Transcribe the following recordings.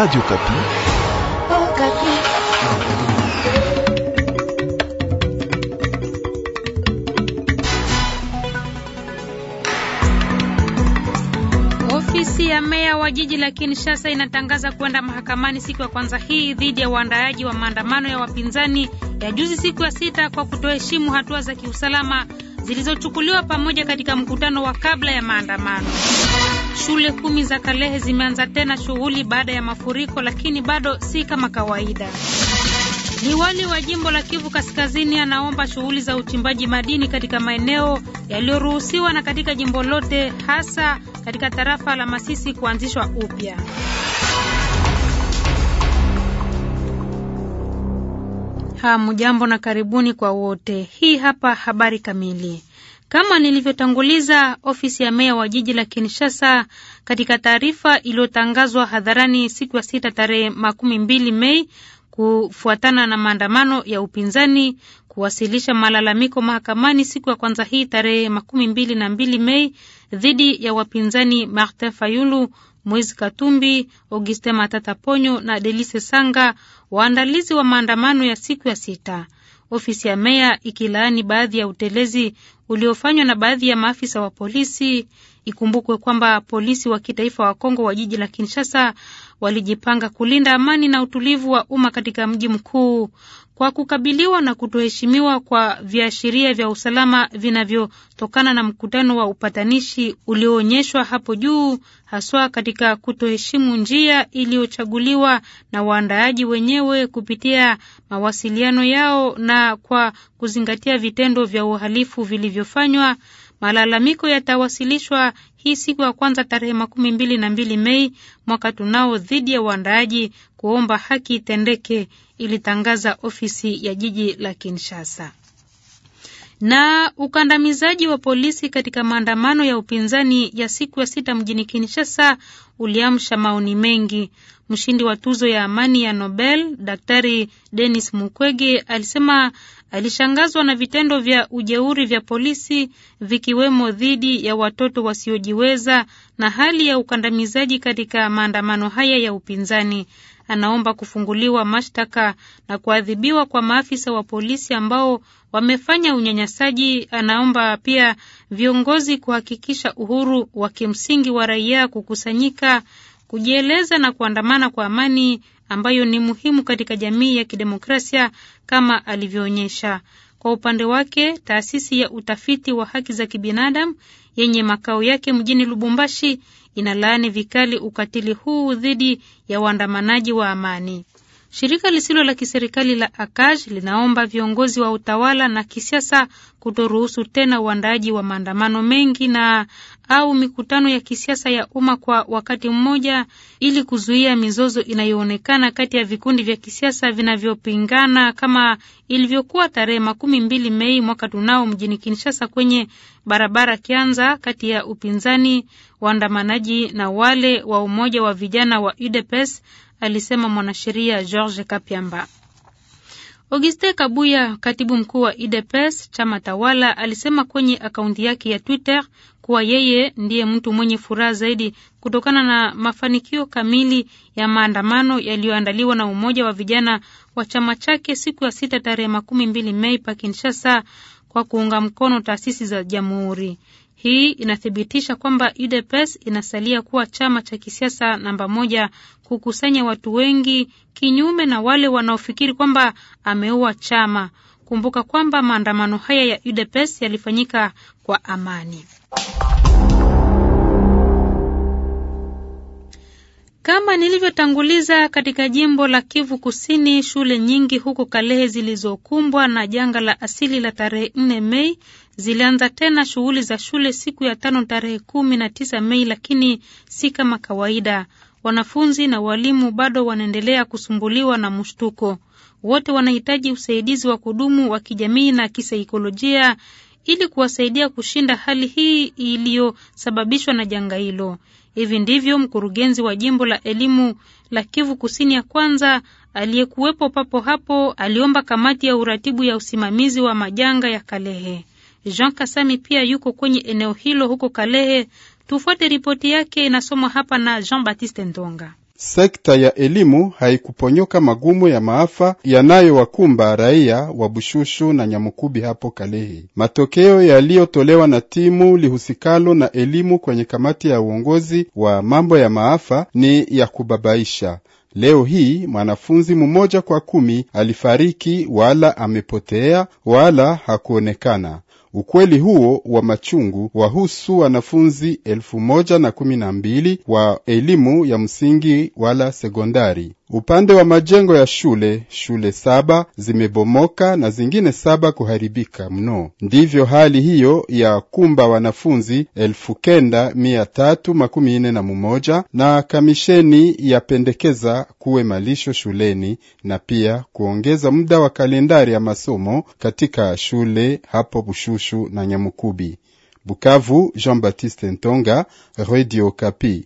Radio Kapi. Oh, Kapi. Ofisi ya meya wa jiji la Kinshasa inatangaza kwenda mahakamani siku ya kwanza hii dhidi ya waandaaji wa maandamano ya wapinzani ya juzi siku ya sita kwa kutoheshimu hatua za kiusalama zilizochukuliwa pamoja katika mkutano wa kabla ya maandamano. Shule kumi za Kalehe zimeanza tena shughuli baada ya mafuriko, lakini bado si kama kawaida. Liwali wa jimbo la Kivu Kaskazini anaomba shughuli za uchimbaji madini katika maeneo yaliyoruhusiwa na katika jimbo lote, hasa katika tarafa la Masisi kuanzishwa upya. Hamjambo na karibuni kwa wote. Hii hapa habari kamili. Kama nilivyotanguliza, ofisi ya meya wa jiji la Kinshasa katika taarifa iliyotangazwa hadharani siku ya sita tarehe makumi mbili Mei kufuatana na maandamano ya upinzani kuwasilisha malalamiko mahakamani siku ya kwanza hii tarehe makumi mbili na mbili Mei dhidi ya wapinzani Martin Fayulu, Moise Katumbi, Auguste Matata Ponyo na Delise Sanga, waandalizi wa maandamano ya siku ya sita. Ofisi ya meya ikilaani baadhi ya utelezi uliofanywa na baadhi ya maafisa wa polisi. Ikumbukwe kwamba polisi wa kitaifa wa Kongo wa jiji la Kinshasa walijipanga kulinda amani na utulivu wa umma katika mji mkuu kwa kukabiliwa na kutoheshimiwa kwa viashiria vya usalama vinavyotokana na mkutano wa upatanishi ulioonyeshwa hapo juu, haswa katika kutoheshimu njia iliyochaguliwa na waandaaji wenyewe kupitia mawasiliano yao na kwa kuzingatia vitendo vya uhalifu vilivyofanywa. Malalamiko yatawasilishwa hii siku ya kwanza tarehe makumi mbili na mbili Mei mwaka tunao dhidi ya waandaaji kuomba haki itendeke ilitangaza ofisi ya jiji la Kinshasa. Na ukandamizaji wa polisi katika maandamano ya upinzani ya siku ya sita mjini Kinshasa uliamsha maoni mengi. Mshindi wa tuzo ya amani ya Nobel Daktari Denis Mukwege alisema alishangazwa na vitendo vya ujeuri vya polisi vikiwemo dhidi ya watoto wasiojiweza na hali ya ukandamizaji katika maandamano haya ya upinzani anaomba kufunguliwa mashtaka na kuadhibiwa kwa maafisa wa polisi ambao wamefanya unyanyasaji. Anaomba pia viongozi kuhakikisha uhuru wa kimsingi wa raia kukusanyika, kujieleza na kuandamana kwa amani ambayo ni muhimu katika jamii ya kidemokrasia kama alivyoonyesha. Kwa upande wake, taasisi ya utafiti wa haki za kibinadamu yenye makao yake mjini Lubumbashi inalaani vikali ukatili huu dhidi ya waandamanaji wa amani. Shirika lisilo la kiserikali la ACAJ linaomba viongozi wa utawala na kisiasa kutoruhusu tena uandaaji wa maandamano mengi na au mikutano ya kisiasa ya umma kwa wakati mmoja ili kuzuia mizozo inayoonekana kati ya vikundi vya kisiasa vinavyopingana kama ilivyokuwa tarehe makumi mbili Mei mwaka tunao mjini Kinshasa kwenye barabara Kianza kati ya upinzani waandamanaji na wale wa umoja wa vijana wa UDPS alisema mwanasheria George Kapiamba. Auguste Kabuya, katibu mkuu wa UDPS chama tawala, alisema kwenye akaunti yake ya Twitter kuwa yeye ndiye mtu mwenye furaha zaidi kutokana na mafanikio kamili ya maandamano yaliyoandaliwa na umoja wa vijana wa chama chake siku ya sita tarehe makumi mbili Mei pa Kinshasa kwa kuunga mkono taasisi za jamhuri. Hii inathibitisha kwamba UDPS inasalia kuwa chama cha kisiasa namba moja kukusanya watu wengi, kinyume na wale wanaofikiri kwamba ameua chama. Kumbuka kwamba maandamano haya ya UDPS yalifanyika kwa amani. Kama nilivyotanguliza katika jimbo la Kivu Kusini, shule nyingi huko Kalehe zilizokumbwa na janga la asili la tarehe nne Mei zilianza tena shughuli za shule siku ya tano tarehe kumi na tisa Mei, lakini si kama kawaida. Wanafunzi na walimu bado wanaendelea kusumbuliwa na mshtuko. Wote wanahitaji usaidizi wa kudumu wa kijamii na kisaikolojia ili kuwasaidia kushinda hali hii iliyosababishwa na janga hilo. Hivi ndivyo mkurugenzi wa jimbo la elimu la Kivu Kusini ya kwanza aliyekuwepo papo hapo aliomba kamati ya uratibu ya usimamizi wa majanga ya Kalehe. Jean Kasami pia yuko kwenye eneo hilo huko Kalehe. Tufuate ripoti yake inasomwa hapa na Jean Baptiste Ndonga sekta ya elimu haikuponyoka magumu ya maafa yanayowakumba raia wa Bushushu na Nyamukubi hapo Kalehe. Matokeo yaliyotolewa na timu lihusikalo na elimu kwenye kamati ya uongozi wa mambo ya maafa ni ya kubabaisha. Leo hii mwanafunzi mmoja kwa kumi alifariki wala amepotea wala hakuonekana. Ukweli huo wa machungu wahusu wanafunzi elfu moja na kumi na mbili wa elimu ya msingi wala sekondari. Upande wa majengo ya shule, shule saba zimebomoka na zingine saba kuharibika mno. Ndivyo hali hiyo ya kumba wanafunzi elfu kenda mia tatu makumi nne na mumoja, na kamisheni yapendekeza kuwe malisho shuleni na pia kuongeza muda wa kalendari ya masomo katika shule hapo Bushushu. Rushu na Nyamukubi. Bukavu, Jean-Baptiste Ntonga, Radio Kapi.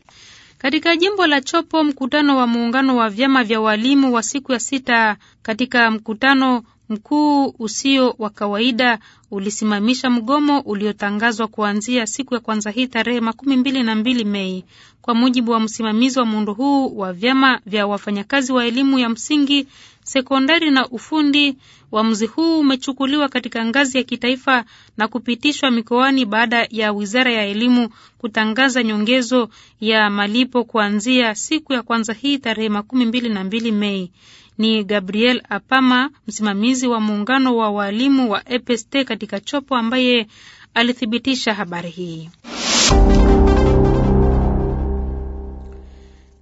Katika jimbo la Chopo, mkutano wa muungano wa vyama vya walimu wa siku ya sita. Katika mkutano mkuu usio wa kawaida ulisimamisha mgomo uliotangazwa kuanzia siku ya kwanza hii tarehe makumi mbili na mbili Mei. Kwa mujibu wa msimamizi wa muundo huu wa vyama vya wafanyakazi wa elimu ya msingi, sekondari na ufundi, uamuzi huu umechukuliwa katika ngazi ya kitaifa na kupitishwa mikoani baada ya wizara ya elimu kutangaza nyongezo ya malipo kuanzia siku ya kwanza hii tarehe makumi mbili na mbili Mei. Ni Gabriel Apama, msimamizi wa muungano wa waalimu wa EPST katika Chopo, ambaye alithibitisha habari hii.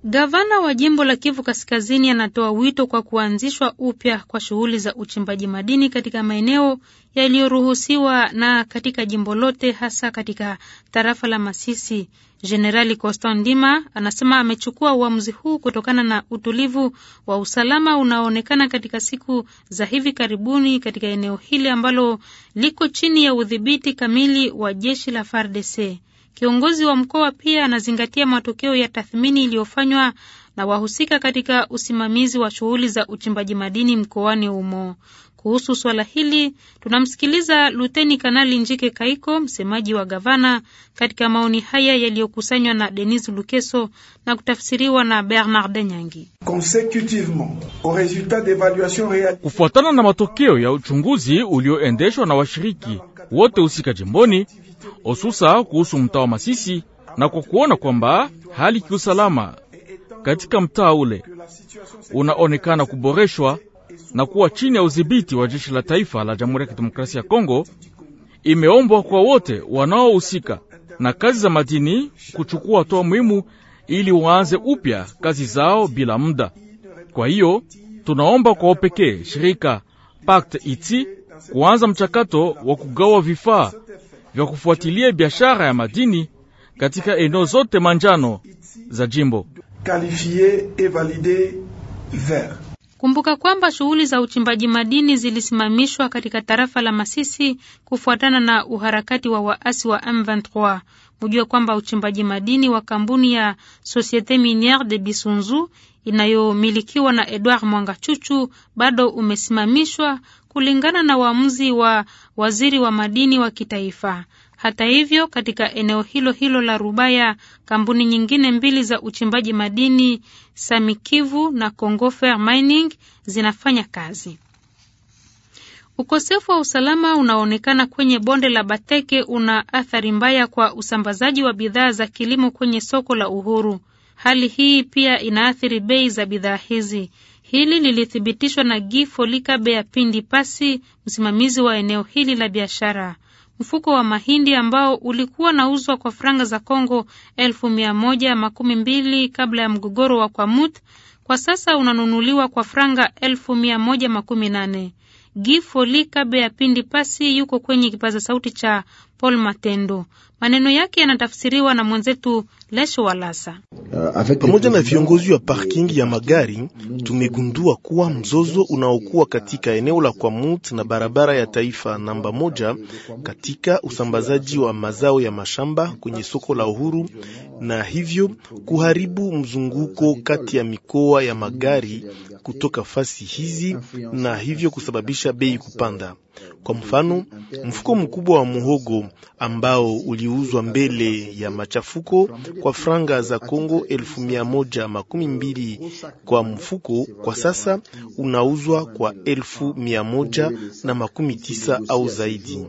Gavana wa jimbo la Kivu Kaskazini anatoa wito kwa kuanzishwa upya kwa shughuli za uchimbaji madini katika maeneo yaliyoruhusiwa na katika jimbo lote, hasa katika tarafa la Masisi. Jenerali Constant Ndima anasema amechukua uamuzi huu kutokana na utulivu wa usalama unaoonekana katika siku za hivi karibuni katika eneo hili ambalo liko chini ya udhibiti kamili wa jeshi la FARDC. Kiongozi wa mkoa pia anazingatia matokeo ya tathmini iliyofanywa na wahusika katika usimamizi wa shughuli za uchimbaji madini mkoani humo. Kuhusu swala hili tunamsikiliza Luteni Kanali Njike Kaiko, msemaji wa gavana, katika maoni haya yaliyokusanywa na Denis Lukeso na kutafsiriwa na Bernard Nyangi. Kufuatana na matokeo ya uchunguzi ulioendeshwa na washiriki wote husika jimboni, hususa kuhusu mtaa wa Masisi, na kwa kuona kwamba hali kiusalama katika mtaa ule unaonekana kuboreshwa na kuwa chini ya udhibiti wa jeshi la taifa la Jamhuri ya Kidemokrasia ya Kongo, imeombwa kwa wote wanaohusika na kazi za madini kuchukua hatua muhimu ili waanze upya kazi zao bila muda. Kwa hiyo tunaomba kwa upekee shirika Pact Iti kuanza mchakato wa kugawa vifaa vya kufuatilia biashara ya madini katika eneo zote manjano za jimbo. Qualifier et valider vert. Kumbuka kwamba shughuli za uchimbaji madini zilisimamishwa katika tarafa la Masisi kufuatana na uharakati wa waasi wa M23. Mujue kwamba uchimbaji madini wa kampuni ya Societe Miniere de Bisunzu inayomilikiwa na Edouard chuchu bado umesimamishwa kulingana na uamuzi wa waziri wa madini wa kitaifa. Hata hivyo, katika eneo hilo hilo la Rubaya, kampuni nyingine mbili za uchimbaji madini Samikivu na Congofer Mining zinafanya kazi. Ukosefu wa usalama unaonekana kwenye bonde la Bateke una athari mbaya kwa usambazaji wa bidhaa za kilimo kwenye soko la Uhuru. Hali hii pia inaathiri bei za bidhaa hizi. Hili lilithibitishwa na gifolika bea Pindi Pasi, msimamizi wa eneo hili la biashara mfuko wa mahindi ambao ulikuwa nauzwa kwa franga za Kongo elfu mia moja makumi mbili kabla ya mgogoro wa Kwamut, kwa sasa unanunuliwa kwa franga elfu mia moja makumi nane. Gifoli Kabe ya Pindi Pasi yuko kwenye kipaza sauti cha Paul Matendo. Maneno yake yanatafsiriwa na mwenzetu Lesho Walasa. Uh, Pamoja na viongozi wa uh, parking ya magari, tumegundua kuwa mzozo unaokuwa katika eneo la Kwamut na barabara ya taifa namba moja katika usambazaji wa mazao ya mashamba kwenye soko la Uhuru, na hivyo kuharibu mzunguko kati ya mikoa ya magari kutoka fasi hizi, na hivyo kusababisha bei kupanda. Kwa mfano, mfuko mkubwa wa muhogo ambao uliuzwa mbele ya machafuko kwa franga za Kongo elfu mia moja makumi mbili kwa mfuko, kwa sasa unauzwa kwa elfu mia moja na makumi tisa au zaidi.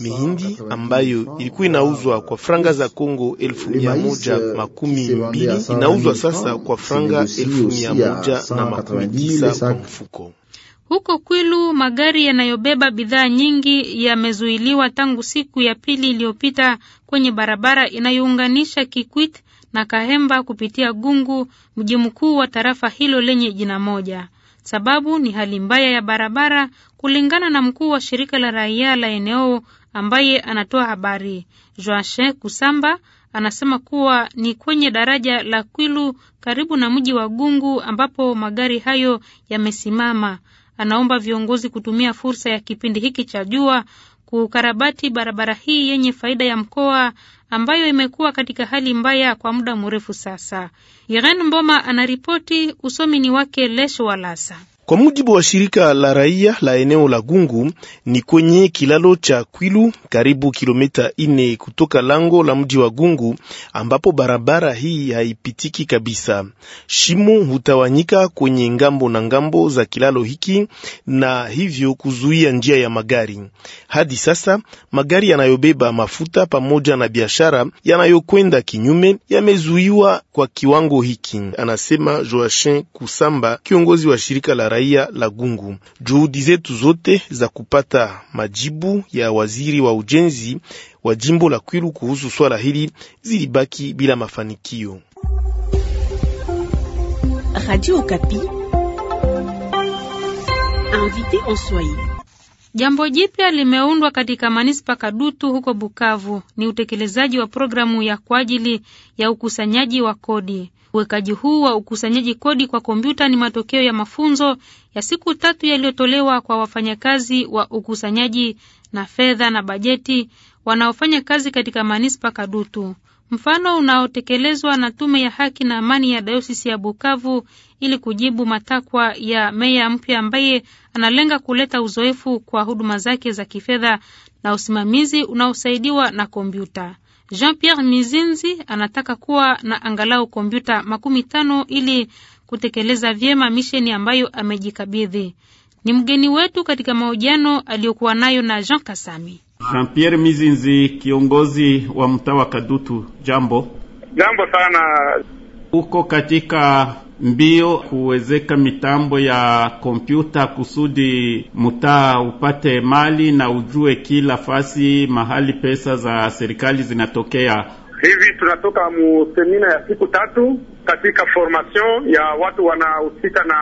Mihindi ambayo ilikuwa inauzwa kwa franga za Kongo elfu mia moja makumi mbili inauzwa sasa kwa franga elfu mia moja na makumi tisa kwa mfuko. Huko Kwilu magari yanayobeba bidhaa nyingi yamezuiliwa tangu siku ya pili iliyopita kwenye barabara inayounganisha Kikwit na Kahemba kupitia Gungu, mji mkuu wa tarafa hilo lenye jina moja. Sababu ni hali mbaya ya barabara, kulingana na mkuu wa shirika la raia la eneo ambaye anatoa habari. Joache Kusamba anasema kuwa ni kwenye daraja la Kwilu karibu na mji wa Gungu ambapo magari hayo yamesimama anaomba viongozi kutumia fursa ya kipindi hiki cha jua kukarabati barabara hii yenye faida ya mkoa ambayo imekuwa katika hali mbaya kwa muda mrefu sasa. Irene Mboma anaripoti, usomi ni wake Lesho Walasa. Kwa mujibu wa shirika la raia la eneo la Gungu, ni kwenye kilalo cha Kwilu karibu kilomita ine kutoka lango la mji wa Gungu, ambapo barabara hii haipitiki kabisa. Shimo hutawanyika kwenye ngambo na ngambo za kilalo hiki na hivyo kuzuia njia ya magari. Hadi sasa magari yanayobeba mafuta pamoja na biashara yanayokwenda kinyume yamezuiwa kwa kiwango hiki, anasema Joachim Kusamba, kiongozi wa shirika la raia raia la Gungu. Juhudi zetu zote za kupata majibu ya waziri wa ujenzi wa jimbo la Kwilu kuhusu swala hili zilibaki bila mafanikio. Jambo jipya limeundwa katika manispa Kadutu huko Bukavu ni utekelezaji wa programu ya kwa ajili ya ukusanyaji wa kodi. Uwekaji huu wa ukusanyaji kodi kwa kompyuta ni matokeo ya mafunzo ya siku tatu yaliyotolewa kwa wafanyakazi wa ukusanyaji na fedha na bajeti wanaofanya kazi katika manispa Kadutu, mfano unaotekelezwa na tume ya haki na amani ya dayosisi ya Bukavu ili kujibu matakwa ya meya mpya ambaye analenga kuleta uzoefu kwa huduma zake za kifedha na usimamizi unaosaidiwa na kompyuta. Jean-Pierre Mizinzi anataka kuwa na angalau kompyuta makumi tano ili kutekeleza vyema misheni ambayo amejikabidhi. Ni mgeni wetu katika mahojiano aliyokuwa nayo na Jean Kasami. Jean-Pierre Mizinzi, kiongozi wa mtaa wa Kadutu, jambo. Jambo sana. Uko katika mbio kuwezeka mitambo ya kompyuta kusudi mtaa upate mali na ujue kila fasi mahali pesa za serikali zinatokea. Hivi tunatoka mu semina ya siku tatu katika formation ya watu wanahusika na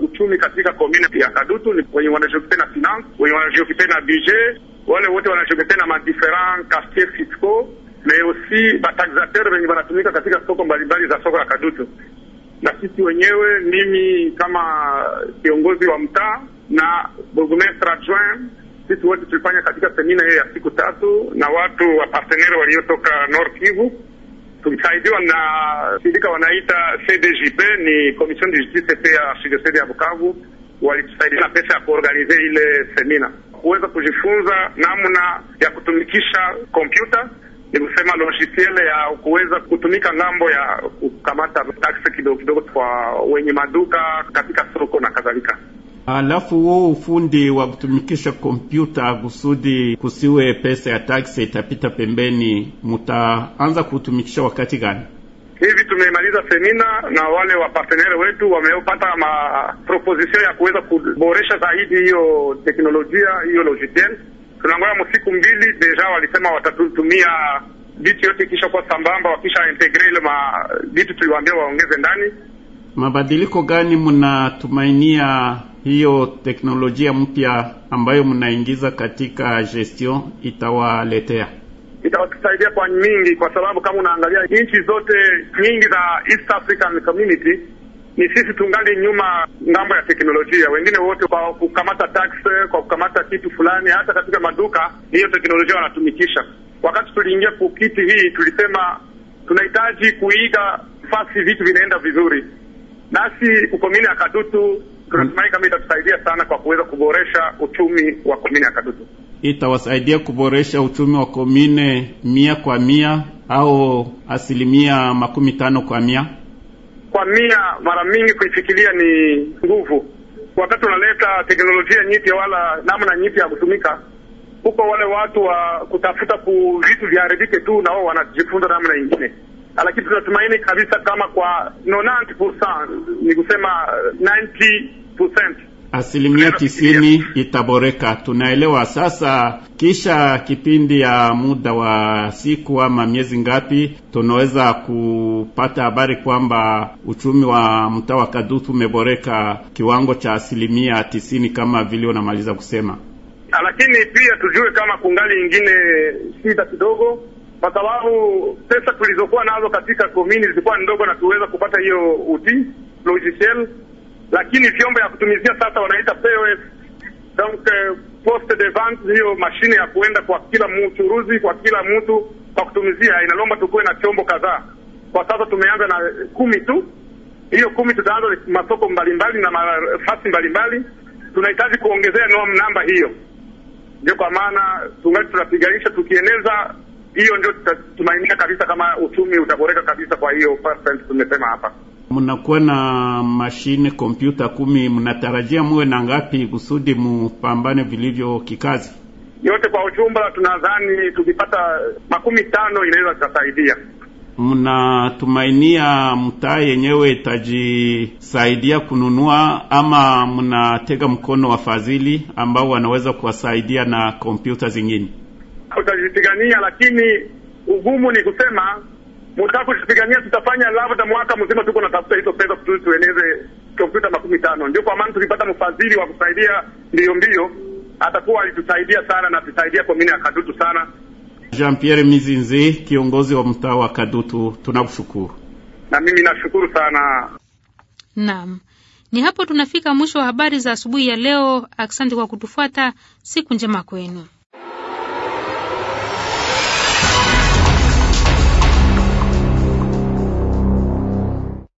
uchumi katika komune ya Kadutu, ni wenye wanajiokipe na finance, wenye wanajiokipe na budget, wale wote wanajiokipe na madifferent quartier fiscaux mais aussi bataxateur wenye wanatumika katika soko mbalimbali za soko la Kadutu na sisi wenyewe, mimi kama kiongozi wa mtaa na burgomestre adjoint sisi wote tulifanya katika semina hiyo ya siku tatu na watu wa partenaire waliotoka North Kivu. Tulisaidiwa na shirika wanaita CDJP, ni Commission de Justice ya Paix ya Bukavu. Walitusaidia na pesa ya kuorganize ile semina, kuweza kujifunza namna ya kutumikisha kompyuta ni kusema logiciel ya kuweza kutumika ng'ambo ya kukamata taksi kidogo kidogo kwa wenye maduka katika soko na kadhalika. Alafu wo ufundi wa kutumikisha kompyuta kusudi kusiwe pesa ya taksi itapita pembeni, mutaanza kutumikisha wakati gani? Hivi tumemaliza semina na wale wapartenere wetu wamepata maproposition ya kuweza kuboresha zaidi hiyo teknolojia hiyo logiciel tunangoja msiku mbili deja, walisema watatutumia vitu yote kisha kwa sambamba, wakisha integre ile ma vitu tuliwaambia waongeze ndani. Mabadiliko gani mnatumainia hiyo teknolojia mpya ambayo mnaingiza katika gestion itawaletea? Itawatusaidia kwa mingi, kwa sababu kama unaangalia nchi zote nyingi za East African Community, ni sisi tungali nyuma ngambo ya teknolojia. Wengine wote kwa kukamata tax, kwa kukamata kitu fulani, hata katika maduka hiyo teknolojia wanatumikisha. Wakati tuliingia kukiti hii, tulisema tunahitaji kuiga fasi vitu vinaenda vizuri, nasi kukomini ya Kadutu tunatumai kama itatusaidia sana kwa kuweza kuboresha uchumi wa komini ya Kadutu. Itawasaidia kuboresha uchumi wa komine mia kwa mia au asilimia makumi tano kwa mia kwa mia. Mara mingi kuifikiria ni nguvu wakati unaleta teknolojia nyipya wala namna nyipya ya kutumika huko, wale watu wa kutafuta ku vitu viharibike tu, na wao wanajifunza namna nyingine lakini tunatumaini kabisa kama kwa 90% ni kusema 90% asilimia tisini itaboreka, tunaelewa sasa. Kisha kipindi ya muda wa siku ama miezi ngapi, tunaweza kupata habari kwamba uchumi wa mtaa wa Kadutu umeboreka kiwango cha asilimia tisini kama vile unamaliza kusema? Ah, lakini pia tujue kama kungali ingine shida kidogo kwa sababu pesa tulizokuwa nazo katika komini zilikuwa ndogo, na tuweza kupata hiyo uti logiciel lakini vyombo ya kutumizia sasa wanaita POS, donc euh, poste de vente, hiyo mashine ya kuenda kwa kila mchuruzi, kwa kila mtu kwa kutumizia, inalomba tukuwe na chombo kadhaa. Kwa sasa tumeanza na eh, kumi tu, hiyo kumi tutaanza masoko mbalimbali na nafasi mbalimbali. Tunahitaji kuongezea namba hiyo, ndio kwa maana tungali tunapiganisha, tukieneza hiyo ndio tutumainia kabisa kama uchumi utaboreka kabisa. Kwa hiyo tumesema hapa Munakuwa na mashine kompyuta kumi, mnatarajia muwe na ngapi kusudi mupambane vilivyo kikazi? Yote kwa ujumla tunadhani tukipata makumi tano inaweza kusaidia. Mnatumainia mtaa yenyewe itajisaidia kununua ama mnatega mkono wafadhili ambao wanaweza kuwasaidia na kompyuta zingine? Tutajipigania, lakini ugumu ni kusema mtakutupigania tutafanya labda mwaka mzima tuko natafuta hizo pesa tu tueneze kompyuta makumi tano. Ndio kwa maana tukipata mfadhili wa kusaidia mbio mbio atakuwa alitusaidia sana na tusaidia mine ya Kadutu sana. Jean Pierre Mizinzi, kiongozi wa mtaa wa Kadutu, tunakushukuru. Na mimi nashukuru sana. Naam. Ni hapo tunafika mwisho wa habari za asubuhi ya leo. Asante kwa kutufuata. Siku njema kwenu.